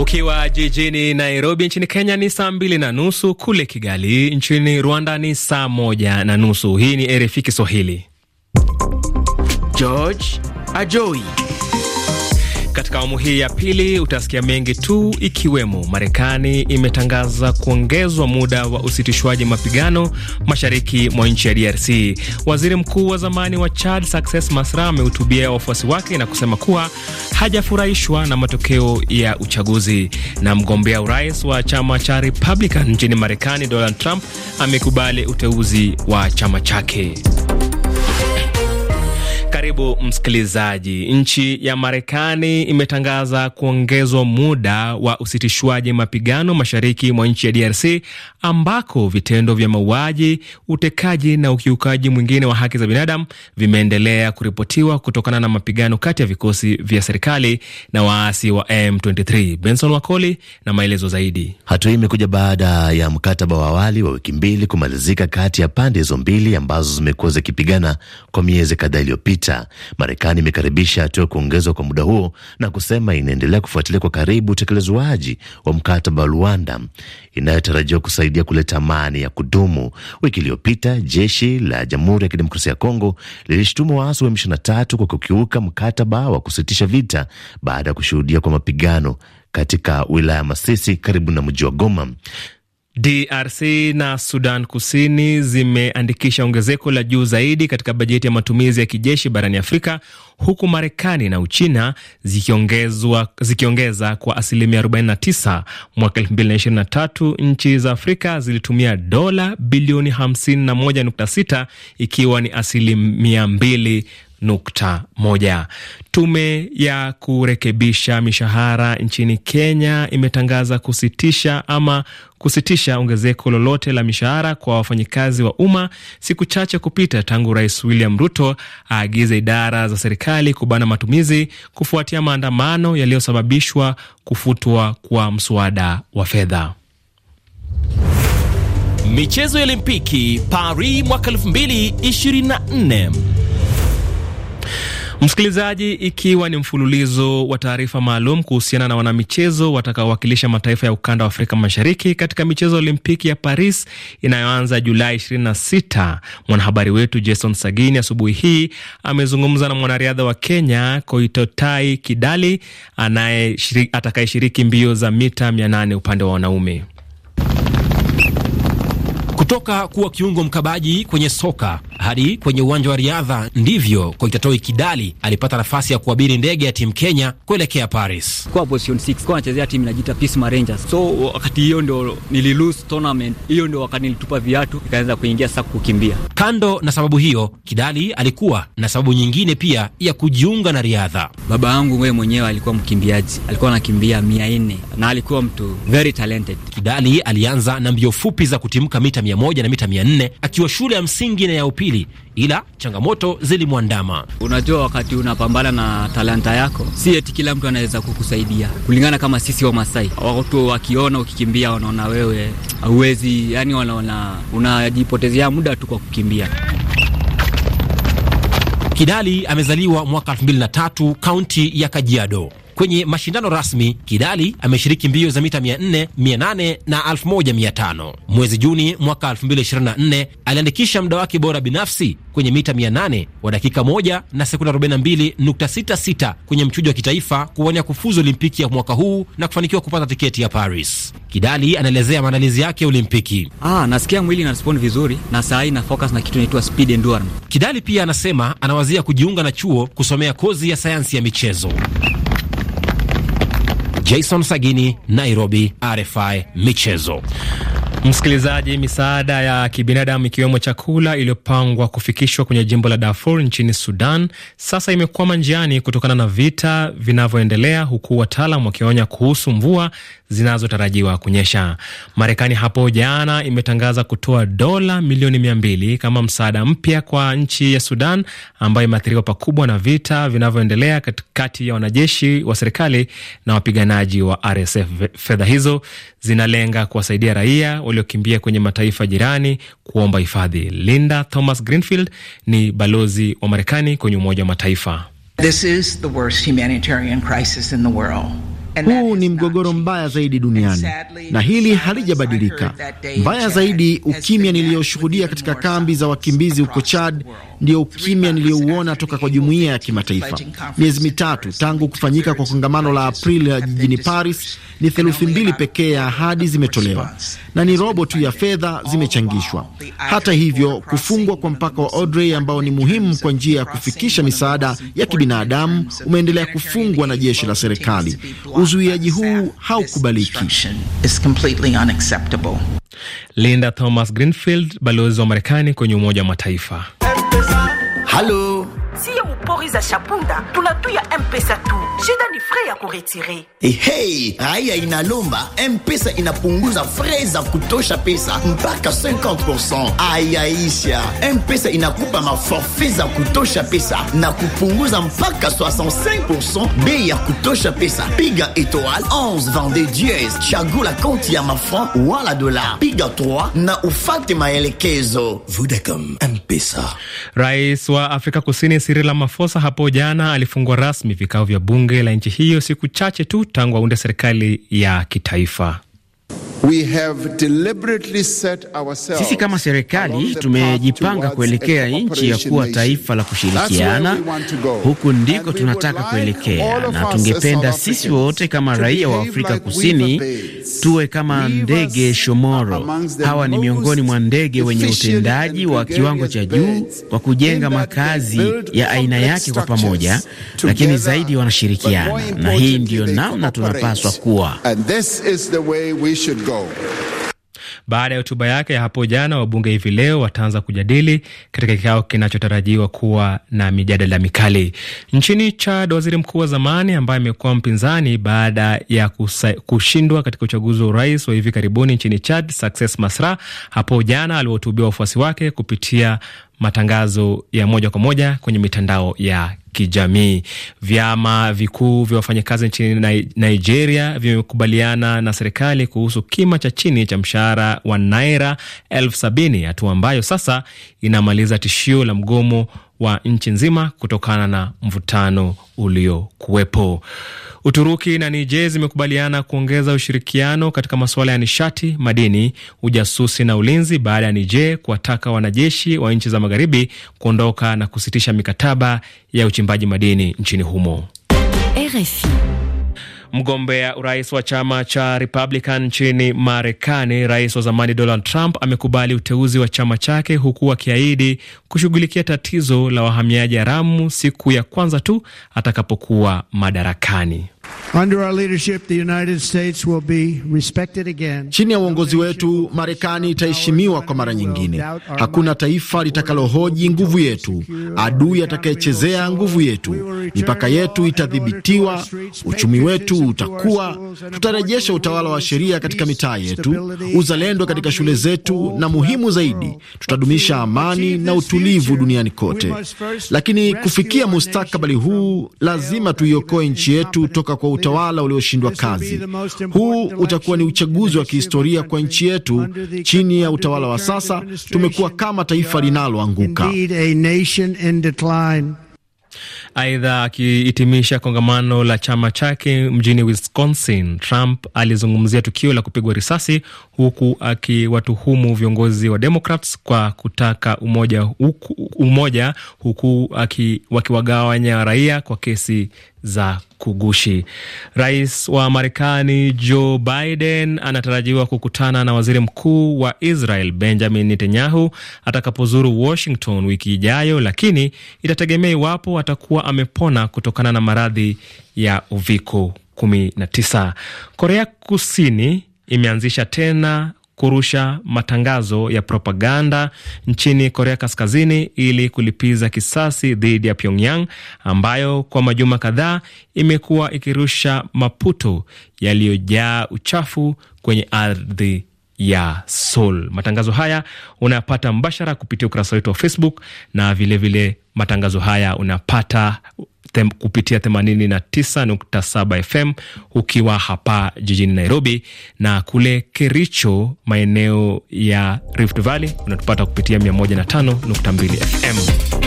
Ukiwa jijini Nairobi nchini Kenya ni saa mbili na nusu, kule Kigali nchini Rwanda ni saa moja na nusu. Hii ni RFI Kiswahili. George Ajoi katika awamu hii ya pili utasikia mengi tu, ikiwemo Marekani imetangaza kuongezwa muda wa usitishwaji mapigano mashariki mwa nchi ya DRC. Waziri mkuu wa zamani wa Chad Success Masra amehutubia wafuasi wake na kusema kuwa hajafurahishwa na matokeo ya uchaguzi. Na mgombea urais wa chama cha Republican nchini Marekani Donald Trump amekubali uteuzi wa chama chake. Karibu msikilizaji. Nchi ya Marekani imetangaza kuongezwa muda wa usitishwaji mapigano mashariki mwa nchi ya DRC ambako vitendo vya mauaji, utekaji na ukiukaji mwingine wa haki za binadamu vimeendelea kuripotiwa kutokana na mapigano kati ya vikosi vya serikali na waasi wa M23. Benson Wakoli na maelezo zaidi. Hatua hii imekuja baada ya mkataba wa awali wa wiki mbili kumalizika kati ya pande hizo mbili ambazo zimekuwa zikipigana kwa miezi kadhaa iliyopita iliyopita. Marekani imekaribisha hatua ya kuongezwa kwa muda huo na kusema inaendelea kufuatilia kwa karibu utekelezwaji wa mkataba wa Luanda inayotarajiwa kusaidia kuleta amani ya kudumu. Wiki iliyopita jeshi la Jamhuri ya Kidemokrasia ya Kongo lilishutumu waasi wa M23 kwa kukiuka mkataba wa kusitisha vita baada ya kushuhudia kwa mapigano katika wilaya Masisi karibu na mji wa Goma. DRC na Sudan Kusini zimeandikisha ongezeko la juu zaidi katika bajeti ya matumizi ya kijeshi barani Afrika, huku Marekani na Uchina zikiongezwa zikiongeza kwa asilimia 49. Mwaka 2023 nchi za Afrika zilitumia dola bilioni 51.6 ikiwa ni asilimia 2 nukta moja. Tume ya kurekebisha mishahara nchini Kenya imetangaza kusitisha ama kusitisha ongezeko lolote la mishahara kwa wafanyikazi wa umma siku chache kupita tangu Rais William Ruto aagize idara za serikali kubana matumizi kufuatia maandamano yaliyosababishwa kufutwa kwa mswada wa fedha. Michezo ya Olimpiki Paris mwaka 2024 Msikilizaji, ikiwa ni mfululizo wa taarifa maalum kuhusiana na wanamichezo watakaowakilisha mataifa ya ukanda wa Afrika Mashariki katika michezo ya Olimpiki ya Paris inayoanza Julai 26, mwanahabari wetu Jason Sagini asubuhi hii amezungumza na mwanariadha wa Kenya Koitotai Kidali atakayeshiriki mbio za mita 800 upande wa wanaume. Kutoka kuwa kiungo mkabaji kwenye soka hadi kwenye uwanja wa riadha, ndivyo Koitatoi Kidali alipata nafasi ya kuabiri ndege ya timu Kenya kuelekea Paris. Kwa position 6 kwa anachezea timu inajiita Pisma Rangers. So wakati hiyo ndio nililose tournament hiyo, ndio wakanilitupa viatu ikaanza kuingia sasa kukimbia. Kando na sababu hiyo, Kidali alikuwa na sababu nyingine pia ya kujiunga na riadha. Baba yangu wewe mwenyewe alikuwa mkimbiaji, alikuwa anakimbia 400 na alikuwa mtu very talented. Kidali alianza na mbio fupi za kutimka mita mia moja na mita mia nne akiwa shule ya msingi na ya upili, ila changamoto zilimwandama. Unajua, wakati unapambana na talanta yako, si eti kila mtu anaweza kukusaidia kulingana. Kama sisi Wamasai, watu wakiona ukikimbia, wanaona wewe hauwezi, yani wanaona unajipotezea muda tu kwa kukimbia. Kidali amezaliwa mwaka 2003 kaunti ya Kajiado. Kwenye mashindano rasmi, Kidali ameshiriki mbio za mita 400, 800 na 1500. Mwezi Juni mwaka 2024 aliandikisha muda wake bora binafsi kwenye mita 800 wa dakika 1 na sekunde 42.66 kwenye mchujo wa kitaifa kuwania kufuzu Olimpiki ya mwaka huu na kufanikiwa kupata tiketi ya Paris. Kidali anaelezea maandalizi yake ya Olimpiki. Ah, nasikia mwili na respond vizuri na saa hii na focus na kitu inaitwa speed endurance. Kidali pia anasema anawazia kujiunga na chuo kusomea kozi ya sayansi ya michezo. Jason Sagini, Nairobi, RFI Michezo. Msikilizaji, misaada ya kibinadamu ikiwemo chakula iliyopangwa kufikishwa kwenye jimbo la Darfur nchini Sudan sasa imekwama njiani kutokana na vita vinavyoendelea, huku wataalam wakionya kuhusu mvua zinazotarajiwa kunyesha. Marekani hapo jana imetangaza kutoa dola milioni mia mbili kama msaada mpya kwa nchi ya Sudan ambayo imeathiriwa pakubwa na vita vinavyoendelea kati ya wanajeshi wa serikali na wapiganaji wa RSF. Fedha hizo zinalenga kuwasaidia raia waliokimbia kwenye mataifa jirani kuomba hifadhi. Linda Thomas Greenfield ni balozi wa Marekani kwenye Umoja wa Mataifa. This is the worst humanitarian crisis in the world. Huu ni mgogoro mbaya zaidi duniani na hili halijabadilika. Mbaya zaidi, ukimya niliyoshuhudia katika kambi za wakimbizi huko Chad ndiyo ukimya niliyouona toka kwa jumuiya ya kimataifa. Miezi mitatu tangu kufanyika kwa kongamano la Aprili jijini Paris, ni theluthi mbili pekee ya ahadi zimetolewa na ni robo tu ya fedha zimechangishwa. Hata hivyo, kufungwa kwa mpaka wa Odre ambao ni muhimu kwa njia ya kufikisha misaada ya kibinadamu umeendelea kufungwa na jeshi la serikali. Uzuiaji huu haukubaliki. Linda Thomas Greenfield, balozi wa Marekani kwenye Umoja wa Mataifa. Halo pori za Shapunda tunatuya M-Pesa tu, shida ni frais ya kuretire. Eh, hey, haya inalomba M-Pesa inapunguza frais za kutosha pesa mpaka 50%. Ayaisha, M-Pesa inakupa maforfait za kutosha pesa na kupunguza mpaka 65% bei ya kutosha pesa. Piga etoal 11 vende diez, chagua la konti ya mafran wala dola, piga 3 na ufate maelekezo. Vodacom M-Pesa. Rais wa Afrika Kusini la Ramaphosa Ramaphosa hapo jana alifungua rasmi vikao vya bunge la nchi hiyo siku chache tu tangu aunde serikali ya kitaifa. Sisi kama serikali tumejipanga kuelekea nchi ya kuwa taifa la kushirikiana. Huku ndiko tunataka kuelekea, na tungependa sisi wote kama raia wa Afrika Kusini tuwe kama ndege shomoro. Hawa ni miongoni mwa ndege wenye utendaji wa kiwango cha juu kwa kujenga makazi ya aina yake kwa pamoja, lakini zaidi wanashirikiana, na hii ndiyo namna tunapaswa kuwa go. Baada ya hotuba yake ya hapo jana, wabunge hivi leo wataanza kujadili katika kikao kinachotarajiwa kuwa na mijadala mikali. Nchini Chad, waziri mkuu wa zamani ambaye amekuwa mpinzani baada ya kushindwa katika uchaguzi wa urais wa hivi karibuni nchini Chad, Success Masra hapo jana aliwahutubia wafuasi wake kupitia matangazo ya moja kwa moja kwenye mitandao ya kijamii. Vyama vikuu vya wafanyakazi nchini Nigeria vimekubaliana na serikali kuhusu kima cha chini cha mshahara wa naira elfu sabini, hatua ambayo sasa inamaliza tishio la mgomo wa nchi nzima kutokana na mvutano uliokuwepo. Uturuki na Niger zimekubaliana kuongeza ushirikiano katika masuala ya nishati, madini, ujasusi na ulinzi baada ya Niger kuwataka wanajeshi wa nchi za magharibi kuondoka na kusitisha mikataba ya uchimbaji madini nchini humo. RFI. Mgombea urais wa chama cha Republican nchini Marekani, rais wa zamani Donald Trump amekubali uteuzi wa chama chake huku akiahidi kushughulikia tatizo la wahamiaji haramu siku ya kwanza tu atakapokuwa madarakani. Under our leadership, the United States will be respected again. Chini ya uongozi wetu Marekani itaheshimiwa kwa mara nyingine. Hakuna taifa litakalohoji nguvu yetu, adui atakayechezea nguvu yetu. Mipaka yetu itadhibitiwa, uchumi wetu utakuwa. Tutarejesha utawala wa sheria katika mitaa yetu, uzalendo katika shule zetu, na muhimu zaidi, tutadumisha amani na utulivu duniani kote. Lakini kufikia mustakabali huu, lazima tuiokoe nchi yetu toka kwa utawala ulioshindwa kazi. Huu utakuwa ni uchaguzi wa kihistoria kwa nchi yetu. Chini ya utawala wa sasa, tumekuwa kama taifa linaloanguka. Aidha, akihitimisha kongamano la chama chake mjini Wisconsin, Trump alizungumzia tukio la kupigwa risasi huku akiwatuhumu viongozi wa Democrats kwa kutaka umoja, uku, umoja huku wakiwagawanya raia kwa kesi za kugushi. Rais wa Marekani Joe Biden anatarajiwa kukutana na waziri mkuu wa Israel Benjamin Netanyahu atakapozuru Washington wiki ijayo, lakini itategemea iwapo atakuwa amepona kutokana na maradhi ya uviko 19. Korea Kusini imeanzisha tena kurusha matangazo ya propaganda nchini Korea Kaskazini ili kulipiza kisasi dhidi ya Pyongyang ambayo kwa majuma kadhaa imekuwa ikirusha maputo yaliyojaa uchafu kwenye ardhi ya Sol. Matangazo haya unayapata mbashara kupitia ukurasa wetu wa Facebook na vilevile vile matangazo haya unapata tem, kupitia 89.7 FM ukiwa hapa jijini Nairobi, na kule Kericho maeneo ya Rift Valley unatupata kupitia 105.2 FM.